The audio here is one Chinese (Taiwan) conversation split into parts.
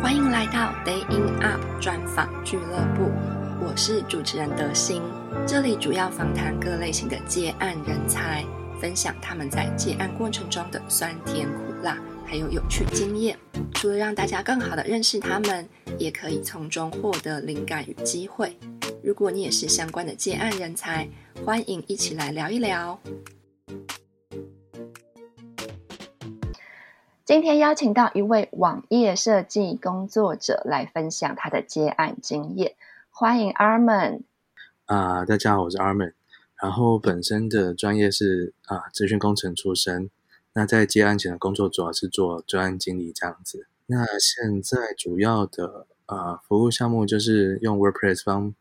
歡迎來到 DayinUP 專訪俱樂部，我是主持人德心。這裡主要訪談各類型的接案人才，分享他們在接案過程中的酸甜苦辣，還有有趣經驗。除了讓大家更好地認識他們，也可以從中獲得靈感與機會。如果你也是相關的接案人才，歡迎一起來聊一聊。今天邀請到一位網頁設計工作者來分享他的接案經驗，歡迎 Armand。啊、呃，大家好，我是 Armand。然後本身的專業是啊資、呃、訊工程出身，那在接案前的工作主要是做專案經理這樣子。那現在主要的啊、呃、服務項目就是用 WordPress 幫、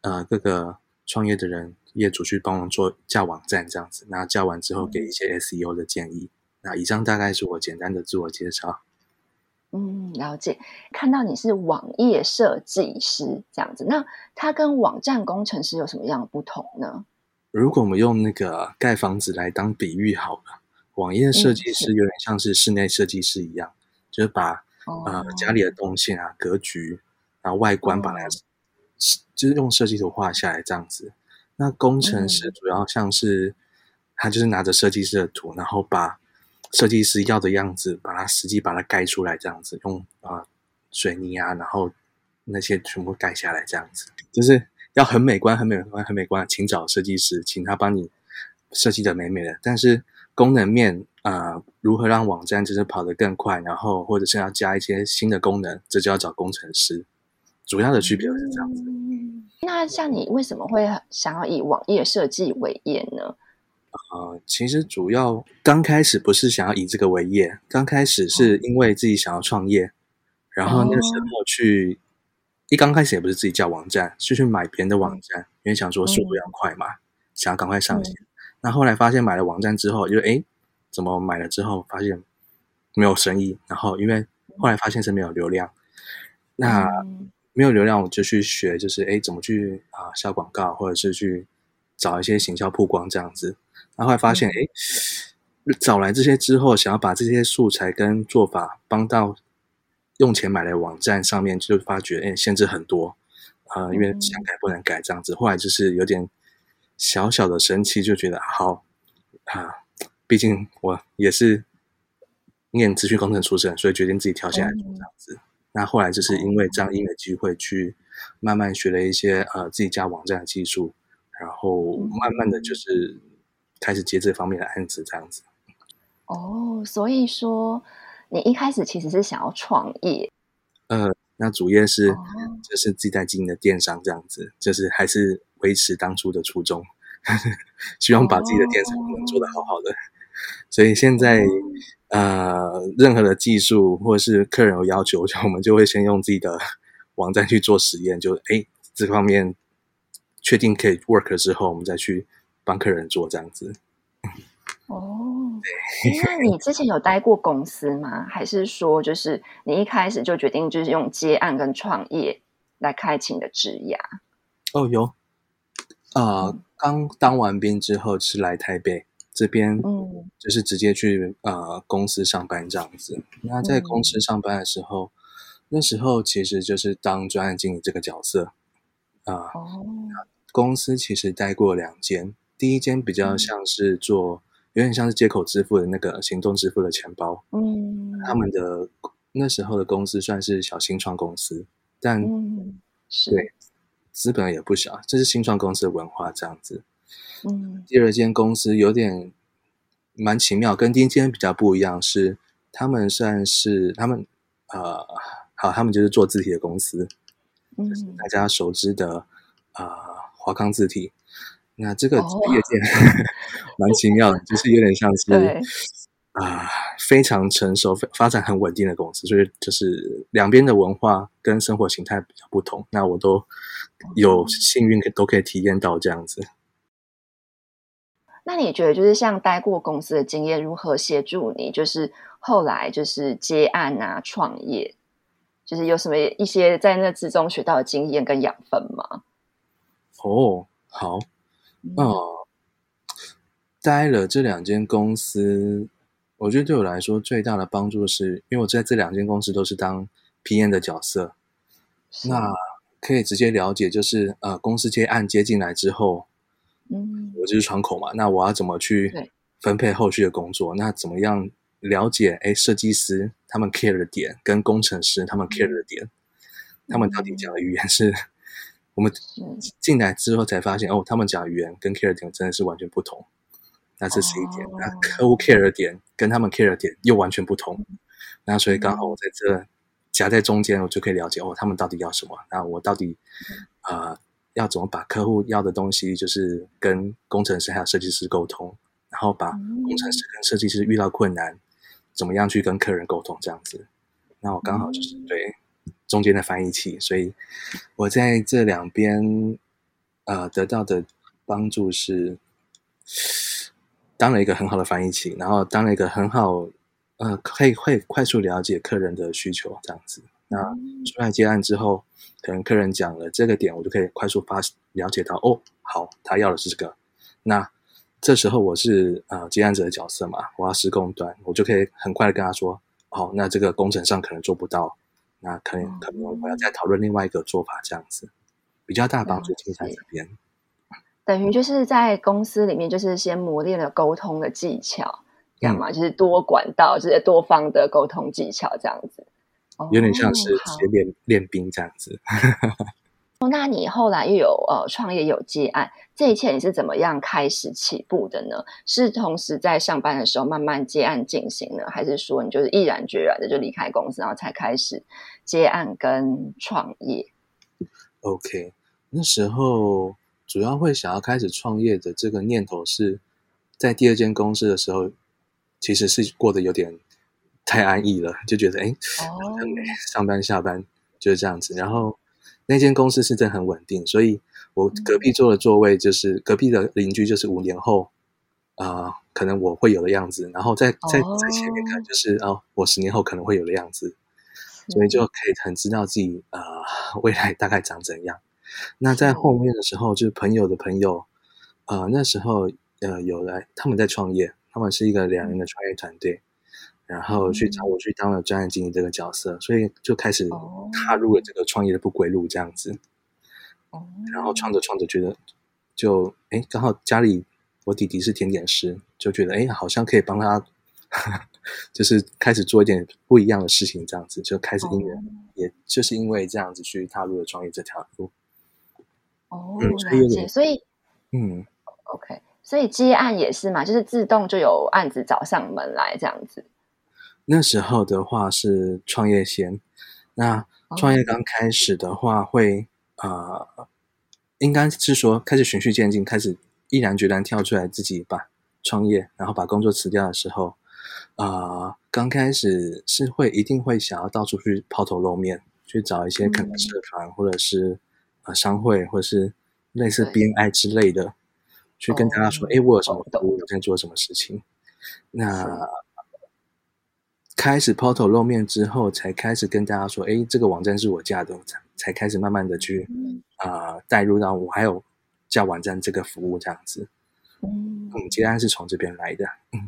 呃、各個創業的人業主去幫忙做架網站這樣子，那架完之後給一些 SEO 的建議。嗯那以上大概是我簡單的自我介紹。嗯，了解。看到你是網頁設計師這樣子，那他跟網站工程師有什麼樣的不同呢？如果我們用那個蓋房子來當比喻好了，網頁設計師有點像是室內設計師一樣，嗯、就是把、嗯、呃家裡的動線啊、格局然後外觀把它就、嗯、是用設計圖畫下來這樣子。那工程師主要像是、嗯、他就是拿着設計師的圖，然後把設計師要的樣子，把它實際把它蓋出來，這樣子，用啊水泥啊，然後那些全部蓋下來，這樣子。就是要很美觀、很美觀、很美觀，請找設計師，請他幫你設計得美美的。但是功能面啊、呃，如何讓網站就是跑得更快，然後或者是要加一些新的功能，這就要找工程師。主要的區別是這樣子。嗯、那像你為什麼會想要以網頁設計為業呢？呃，其實主要剛開始不是想要以這個為業，剛開始是因為自己想要創業，嗯、然後那時候去一剛開始也不是自己建網站，是去買別人的網站，因為想說速度要快嘛、嗯，想要趕快上線、嗯。那後來發現買了網站之後，就哎怎麼買了之後發現沒有生意，然後因為後來發現是沒有流量，嗯、那沒有流量我就去學，就是哎怎麼去啊、呃、下廣告，或者是去找一些行銷曝光這樣子。他會發現，哎，找來這些之後，想要把這些素材跟做法搬到用錢買來的網站上面，就發覺哎，限制很多啊、呃，因為想改不能改這樣子。後來就是有點小小的生氣，就覺得啊好啊，畢竟我也是念資訊工程出身，所以決定自己跳下來這樣子。那、嗯、後來就是因為這樣一個機會，去慢慢學了一些、嗯、呃自己架網站的技術，然後慢慢的就是。開始接這方面的案子，這樣子。哦、oh，所以說你一開始其實是想要創業。呃，那主業是、oh. 就是自己在經營的電商，這樣子，就是還是維持當初的初衷，呵呵希望把自己的電商能做得好好的。Oh. 所以現在、oh. 呃，任何的技術或者是客人有要求，就我們就會先用自己的網站去做實驗，就哎這方面確定可以 work 了之後，我們再去。幫客人做這樣子，哦。那你之前有待過公司嗎？ 還是說就是你一開始就決定就是用接案跟創業來開啟你的職涯？哦，有。啊、呃嗯，剛當完兵之後是來台北這邊，就是直接去啊、嗯呃、公司上班這樣子。那在公司上班的時候，嗯、那時候其實就是當專案經理這個角色啊、呃哦。公司其實待過兩間。第一間比較像是做、嗯，有點像是街口支付的那個行動支付的錢包，嗯，他們的那時候的公司算是小新創公司，但，嗯、是對，資本也不小，這是新創公司的文化這樣子，嗯。第二間公司有點蠻奇妙，跟第一間比較不一樣，是他們算是他們，呃，好，他們就是做字體的公司，嗯，就是、大家熟知的，呃，華康字體。那這個業界、哦、蠻奇妙的，就是有點像是啊，非常成熟、發展很穩定的公司，所以就是兩邊的文化跟生活形態比較不同。那我都有幸運，嗯、都可以體驗到這樣子。那你覺得，就是像待過公司的經驗，如何協助你？就是後來就是接案啊，創業，就是有什麼一些在那之中學到的經驗跟養分嗎？哦，好。哦、嗯呃，待了這兩間公司，我覺得對我來說最大的幫助是，因為我在這兩間公司都是當 PM 的角色，那可以直接了解，就是呃，公司接案接進來之後，嗯，我就是窗口嘛，那我要怎麼去分配後續的工作？那怎麼樣了解？哎，設計師他們 care 的點，跟工程師他們 care 的點，嗯、他們到底講的語言是？嗯 我們進來之後才發現，哦，他們講語言跟 care 點真的是完全不同。那這是一點，那、oh. 客戶 care 的點跟他們 care 的點又完全不同。Mm. 那所以剛好我在這夾在中間，我就可以了解、mm. 哦，他們到底要什麼？那我到底、mm. 呃、要怎麼把客戶要的東西，就是跟工程師還有設計師溝通，然後把工程師跟設計師遇到困難，mm. 怎麼樣去跟客人溝通這樣子？那我剛好就是、mm. 對。中間的翻譯器，所以我在這兩邊呃得到的幫助是當了一個很好的翻譯器，然後當了一個很好呃可以會快速了解客人的需求這樣子。那出來接案之後，可能客人講了這個點，我就可以快速發了解到哦，好，他要的是這個。那這時候我是呃接案者的角色嘛，我要施工端，我就可以很快的跟他說，好，哦，那這個工程上可能做不到。那可能可能我們要再討論另外一個做法，這樣子、嗯、比較大幫助就在這邊、嗯，等於就是在公司裡面就是先磨練了溝通的技巧，幹、嗯、嘛？就是多管道這些、就是、多方的溝通技巧這樣子，有點像是練、嗯、練兵這樣子。 哦，那你後來又有呃創業有接案，這一切你是怎麼樣開始起步的呢？是同時在上班的時候慢慢接案進行呢，還是說你就是毅然決然的就離開公司，然後才開始接案跟創業？OK，那時候主要會想要開始創業的這個念頭是在第二間公司的時候，其實是過得有點太安逸了，就覺得哎，oh, okay. 上班下班就是這樣子，然後。那間公司是真的很穩定，所以我隔壁坐的座位就是隔壁的鄰居，就是五年後，啊、呃、可能我會有的樣子。然後在在在前面看就是、Oh. 哦我十年後可能會有的樣子，所以就可以很知道自己啊、呃、未來大概長怎樣。那在後面的時候，Oh. 就是朋友的朋友，啊、呃，那時候呃有來他們在創業，他們是一個兩人的創業團隊。然後去找我去當了專案經理這個角色、嗯，所以就開始踏入了這個創業的不歸路這樣子。哦、嗯，然後創着創着覺得就，就哎，剛好家裡我弟弟是甜點師，就覺得哎，好像可以幫他，就是開始做一點不一樣的事情這樣子，就開始因為、嗯，也就是因為這樣子去踏入了創業這條路。哦，嗯、所以、所以，嗯，OK，所以接案也是嘛，就是自動就有案子找上門來這樣子。那時候的話是創業先，那創業剛開始的話會啊、okay. 呃，應該是說開始循序漸進，開始毅然決然跳出來自己把創業，然後把工作辭掉的時候，啊、呃，剛開始是會一定會想要到處去拋頭露面，去找一些可能社團、嗯、或者是啊、呃、商會或者是類似 BNI 之類的，okay. 去跟大家說，哎、okay. 欸，我有什麼，我現在做什麼事情，okay. 那。開始拋頭露面之後，才開始跟大家說：“哎、欸，這個網站是我架的。才”才開始慢慢的去啊帶、嗯呃、入到我還有叫網站這個服務這樣子。嗯，們、嗯、接單是從這邊來的。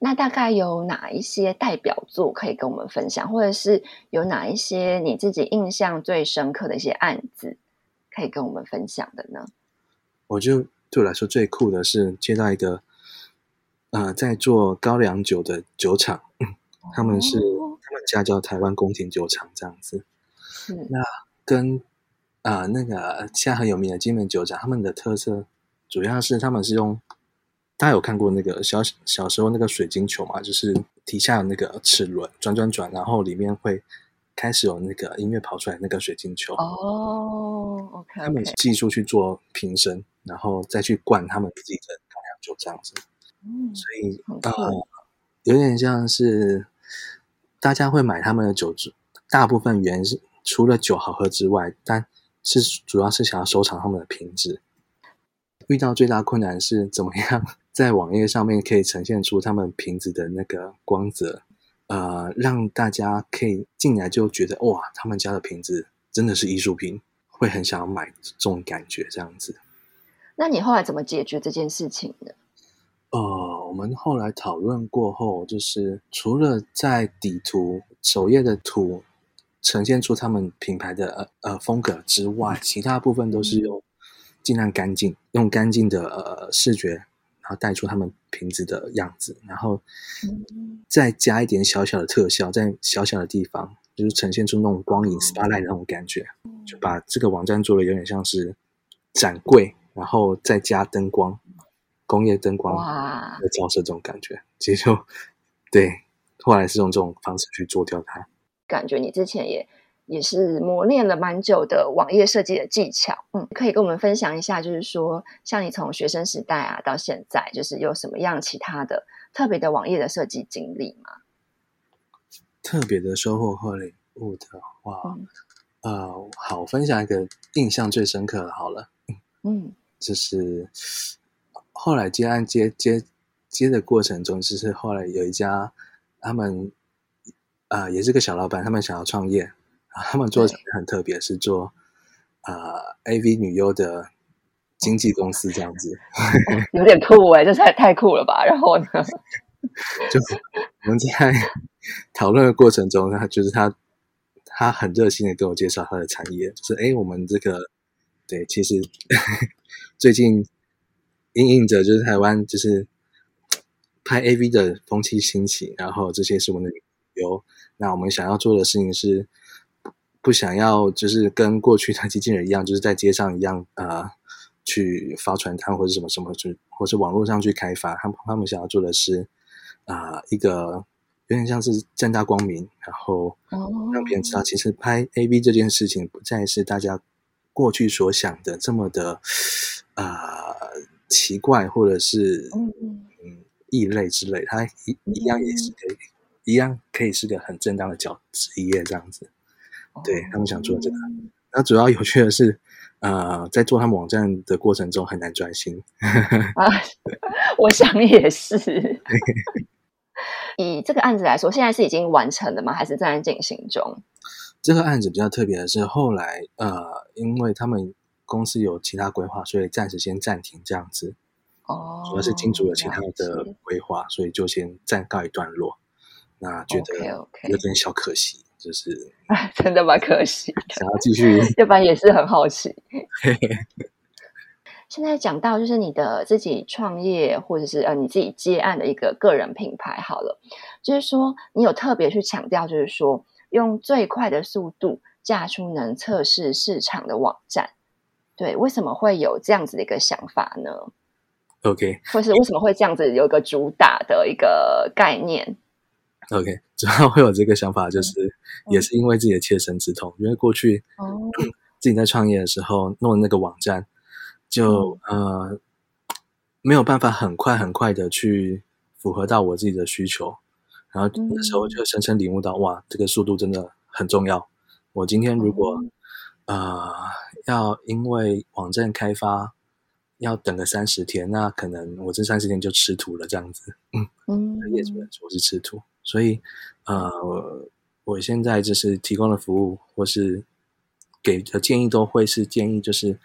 那大概有哪一些代表作可以跟我們分享，或者是有哪一些你自己印象最深刻的一些案子可以跟我們分享的呢？我就對我來說最酷的是接到一個，呃，在做高粱酒的酒廠。 他們是他們家叫台灣宮廷酒廠這樣子，那跟啊、呃、那個現在很有名的金門酒廠，他們的特色主要是他們是用，大家有看過那個小小時候那個水晶球嘛，就是底下那個齒輪轉轉轉，然後裡面會開始有那個音樂跑出來，那個水晶球哦、oh, okay,，OK，他們技術去做瓶身，然後再去灌他們自己的高粱酒這樣子。嗯、所以到、嗯、有點像是。大家會買他們的酒，大部分原因是除了酒好喝之外，但是主要是想要收藏他們的瓶子。遇到最大困難是怎麼樣在網頁上面可以呈現出他們瓶子的那個光澤，呃，讓大家可以進來就覺得哇，他們家的瓶子真的是藝術品，會很想要買這種感覺這樣子。那你後來怎麼解決這件事情呢？呃、哦，我們後來討論過後，就是除了在底圖首頁的圖呈現出他們品牌的呃、呃風格之外，其他部分都是用盡量乾淨、嗯，用乾淨的呃視覺，然後帶出他們瓶子的樣子，然後再加一點小小的特效，在小小的地方，就是呈現出那種光影、sparkle 的那種感覺，就把這個網站做的有點像是展櫃，然後再加燈光。工業燈光的照射這種感覺，其實就對，後來是用這種方式去做掉它。感覺你之前也也是磨練了蠻久的網頁設計的技巧，嗯，可以跟我們分享一下，就是說，像你從學生時代啊到現在，就是有什麼樣其他的特別的網頁的設計經歷嗎？特別的收穫或領悟的話，啊、嗯呃，好，分享一個印象最深刻的好了嗯，嗯，就是。後來接案接接接的過程中，就是後來有一家他們啊、呃、也是個小老闆，他們想要創業，他們做的很特別，是做啊、呃、AV 女優的經紀公司這樣子， 有點酷哎， 這太，太酷了吧？然後呢，就我們在討論的過程中，他就是他他很熱心的跟我介紹他的產業，就是哎，我們這個，對，其實最近。因應著就是台灣就是拍 AV 的風氣興起，然後這些是我們的理由。那我們想要做的事情是不想要，就是跟過去台積金人一樣，就是在街上一樣啊、呃、去發傳單或者什麼什麼，去、就是、或是網絡上去開發。他們他們想要做的是啊、呃，一個有點像是正大光明，然後、oh. 讓別人知道，其實拍 AV 這件事情不再是大家過去所想的這麼的啊。呃奇怪，或者是嗯，異類之類，它一一樣也是可以、嗯，一樣可以是個很正當的角職業這樣子。嗯、對，他們想做這個，那、嗯、主要有趣的是，呃，在做他們網站的過程中很難專心、啊呵呵。我想也是。以這個案子來說，現在是已經完成了嗎？還是正在進行中？這個案子比較特別的是，後來呃，因為他們。公司有其他規劃，所以暫時先暫停這樣子。哦，主要是金主有其他的規劃，所以就先暫告一段落 okay, okay。那覺得有點小可惜，就是、啊、真的蠻可惜。想要繼續，這邊也是很好奇。 現在講到就是你的自己創業，或者是呃你自己接案的一個個人品牌。好了，就是說你有特別去強調，就是說用最快的速度架出能測試市場的網站。對，為什麼會有這樣子的一個想法呢？OK，或是為什麼會這樣子有一個主打的一個概念？OK，主要會有這個想法，就是也是因為自己的切身之痛，嗯、因為過去、嗯、自己在創業的時候弄的那個網站，就、嗯、呃沒有辦法很快很快的去符合到我自己的需求，然後那時候就深深領悟到、嗯，哇，這個速度真的很重要。我今天如果啊。嗯呃要因為網站開發要等個三十天，那可能我這三十天就吃土了，這樣子。嗯嗯，業主說是吃土，所以呃我，我現在就是提供的服務或是給的建議都會是建議，就是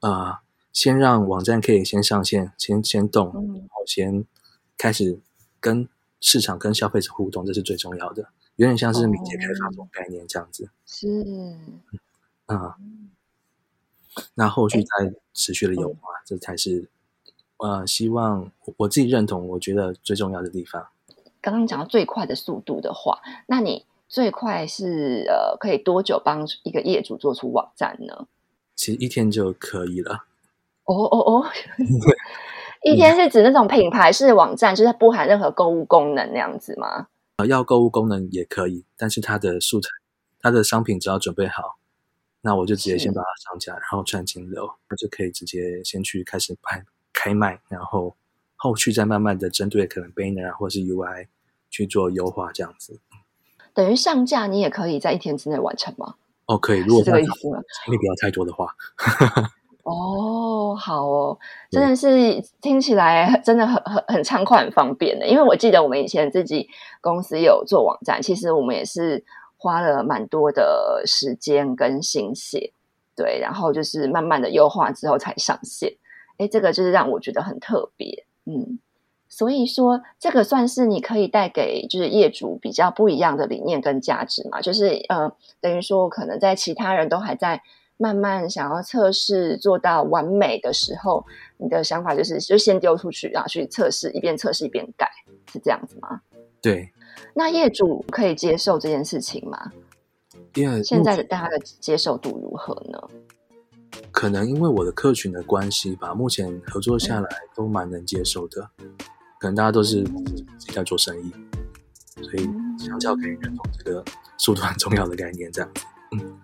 啊、呃，先讓網站可以先上線，先先動、嗯，然後先開始跟市場、跟消費者互動，這是最重要的。有點像是敏捷開發這種概念這樣子。嗯、是啊。嗯嗯那後續再持續的優化，欸、這才是、嗯、呃，希望我自己認同，我覺得最重要的地方。剛剛講到最快的速度的話，那你最快是呃，可以多久幫一個業主做出網站呢？其實一天就可以了。哦哦哦，一天是指那種品牌式網站，就是它不含任何購物功能那樣子嗎？呃、嗯，要購物功能也可以，但是它的素材、它的商品只要準備好。那我就直接先把它上架，然後串金流，那就可以直接先去開始賣、開賣，然後後續再慢慢的針對可能 Banner 或是 UI 去做優化，這樣子。等於上架你也可以在一天之內完成嗎？哦，可以。如果這可你不要太多的話。哦， 好哦，真的是聽起來真的很很很暢快、很方便的。因為我記得我們以前自己公司有做網站，其實我們也是。花了蠻多的時間跟心血，對，然後就是慢慢的優化之後才上線。誒，這個就是讓我覺得很特別，嗯，所以說，這個算是你可以帶給就是業主比較不一樣的理念跟價值嘛，就是呃，等於說可能在其他人都還在慢慢想要測試做到完美的時候，你的想法就是就先丟出去啊，然後去測試，一邊測試一邊改，是這樣子嗎？對，那業主可以接受這件事情嗎？因、yeah, 為現在的大家的接受度如何呢？可能因為我的客群的關係吧，目前合作下來都蠻能接受的，嗯。可能大家都是在做生意，嗯，所以相較可以認同這個速度很重要的概念，這樣子。嗯。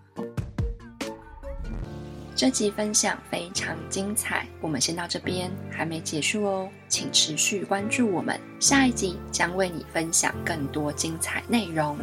這集分享非常精彩，我們先到這邊，還沒結束哦，請持續關注我們，下一集將為你分享更多精彩內容。